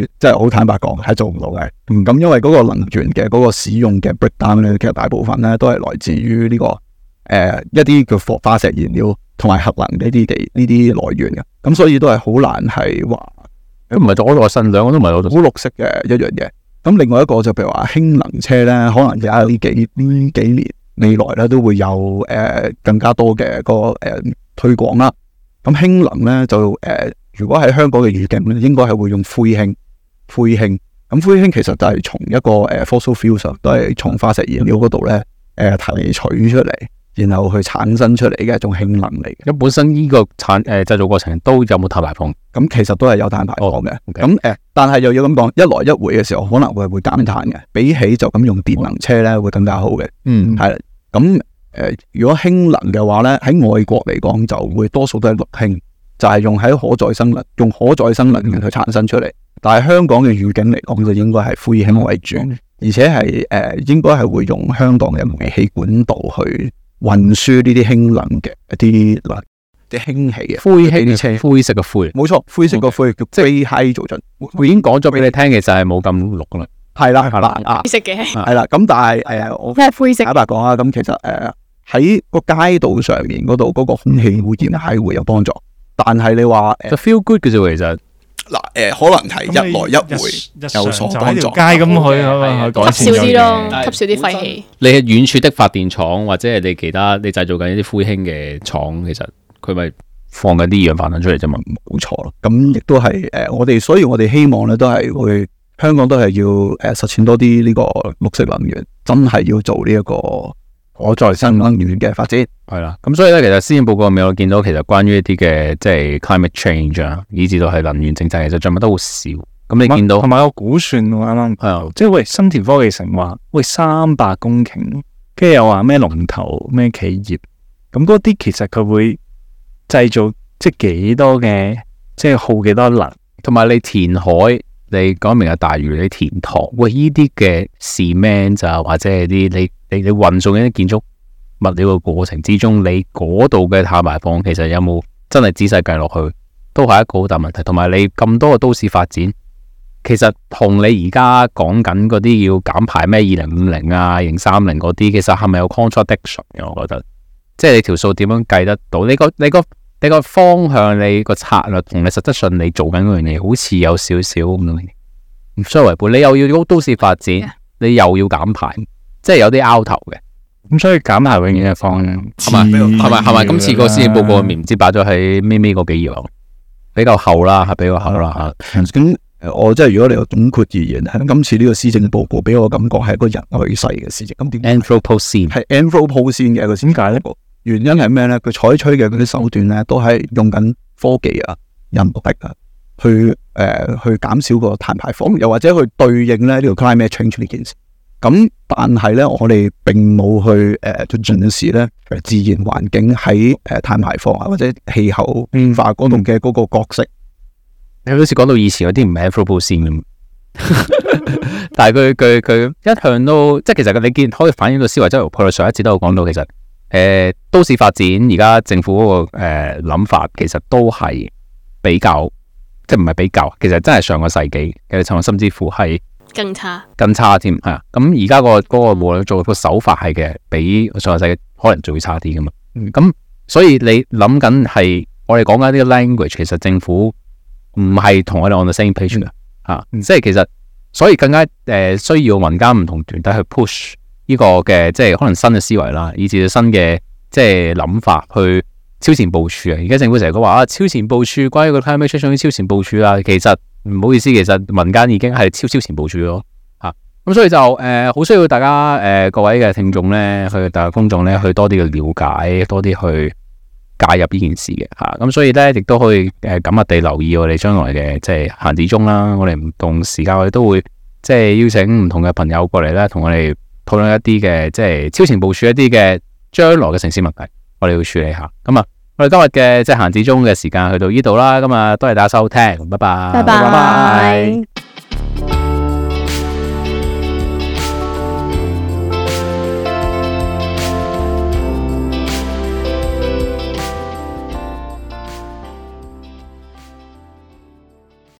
樹，真係好坦白講係做唔到嘅。嗯，咁因為嗰個能源嘅嗰、那個使用嘅 breakdown 咧，其實大部分咧都係來自於呢、這個。誒、呃，一啲叫化化石燃料同埋核能呢啲地呢啲來源嘅，咁所以都係好難係話，誒唔係攞到個數量，我都唔係好綠色嘅一樣嘢。咁另外一個就譬如話氫能車咧，可能而家呢幾呢幾年未來咧都會有誒、呃、更加多嘅個誒、呃、推廣啦。咁氫能咧就誒、呃，如果喺香港嘅語境咧，應該係會用灰氫，灰氫。咁灰氫其實就係從一個誒 fossil fuels 都係從化石燃料嗰度咧誒提取出嚟。然後去產生出嚟嘅一種氫能嚟嘅。咁本身呢個產誒、呃、製造過程都有冇碳排放？咁其實都係有碳排放嘅。咁誒、oh, okay. 嗯，但係又要咁講，一來一回嘅時候可能會會減碳嘅，比起就咁用電能車咧會更加好嘅、嗯。嗯，係啦。咁誒，如果氫能嘅話咧，喺外國嚟講就會多數都係綠氫，就係、是、用喺可再生能用可再生能源去產生出嚟。嗯、的但係香港嘅語境嚟講就應該係灰氫為主，嗯、而且係誒、呃、應該係會用香港嘅煤氣管道去。運輸呢啲氫能嘅一啲冷啲氫氣嘅灰氣啲車，灰色嘅灰，冇錯，灰色個灰，叫即係灰氣做盡。我已經講咗俾你聽，其實係冇咁綠㗎喇。係啦係啦，灰色嘅係啦。咁但係誒我，灰灰即係灰，灰，灰色。坦白講啊，咁其實誒喺個街道上面嗰度嗰個空氣污染係會有幫助，但係你話就 feel good 嘅啫，其實。嗱，誒、呃、可能係一來一回有所幫助，街咁去減少啲咯，吸少啲廢氣。你喺遠處的發電廠，或者係你其他你在製造緊一啲灰氫嘅廠，其實佢咪放緊啲二氧化碳出嚟就嘛，冇錯咯。咁亦都係誒，我哋所以我哋希望咧，都係會香港都係要誒實踐多啲呢個綠色能源，真係要做呢、這、一個。可再生能源嘅發展係啦，咁所以咧，其實施政報告入面，我見到其實關於一啲嘅即係 climate change 啊，以至到係能源政策，其實全部得好少。咁你見到同埋個估算可能係即係喂，新田科技城話喂三百公頃，跟住又話咩龍頭咩企業，咁嗰啲其實佢會製造即係幾多嘅，即係耗幾多能，同埋你填海。你講明啊，大嶼你填塘，喂，呢啲嘅 cement 就或者係啲你你你運送一啲建築物料嘅過程之中，你嗰度嘅碳排放其實有冇真係仔細計落去，都係一個好大問題。同埋你咁多嘅都市發展，其實同你而家講緊嗰啲要減排咩二零五零啊、二零三零嗰啲，其實係咪有 contradiction 嘅？我覺得，即係你條數點樣計得到？到底你你個？你個你個方向，你個策略同你實質上你做緊嗰樣嘢，好似有少少咁，需要違背，你又要都市發展，你又要減排，yeah. 即係有啲拗頭嘅。咁所以減排永遠係方向，係咪？係咪？係咪？啊、今次個施政報告面唔知擺咗喺咩咩個幾頁比較厚啦，係比較厚啦吓。咁、啊啊嗯、我即係如果你要總括而言，喺今次呢個施政報告俾我感覺係一個人類世為世嘅施政。咁點 Anthropocene 係 Anthropocene 嘅，點解咧？原因係咩呢？佢採取嘅嗰啲手段呢，都係用緊科技啊、人力啊去、呃，去誒去減少個碳排放，又或者去對應咧呢個 climate change 呢件事。咁但係呢，我哋並冇去誒，正視咧自然環境喺誒碳排放啊或者氣候變化嗰度嘅嗰個角色。你好似講到以前有啲唔係 fossil 咁，但係佢佢佢一向都即係其實你見可以反映到思維真係。譬如上一次都有講到，其實。誒，都市發展而家政府嗰、那個誒諗、呃、法，其實都係比較，即係唔係比較，其實真係上個世紀嘅，其實甚至乎係更差，更差添，係啊。咁而家個嗰、那個無論、那個、做個手法係嘅，比上個世紀可能仲會差啲㗎嘛。咁、嗯、所以你諗緊係我哋講緊呢個 language，其實政府唔係同我哋 on the same page 嘅，吓、啊嗯嗯，即係其實所以更加誒、呃、需要民間唔同團體去 push。呢個嘅即係可能新嘅思維啦，以至新嘅即係諗法去超前部署啊！而家政府成日都話啊，超前部署關於個 commission 超前部署啦、啊，其實唔好意思，其實民間已經係超超前部署咯嚇。咁、啊、所以就誒好、呃、需要大家誒、呃、各位嘅聽眾咧，去大家公眾咧去多啲嘅了解，多啲去介入呢件事嘅嚇。咁、啊、所以咧亦都可以誒緊密地留意我哋將來嘅即係閒置中啦。我哋唔同時間我哋都會即係邀請唔同嘅朋友過嚟咧，同我哋。討論一啲嘅即係超前部署一啲嘅將來嘅城市問題，我哋要處理下。咁啊，我哋今日嘅即係閒置中嘅時間去到呢度啦。咁啊，多謝大家收聽，拜拜，拜拜。拜拜拜拜。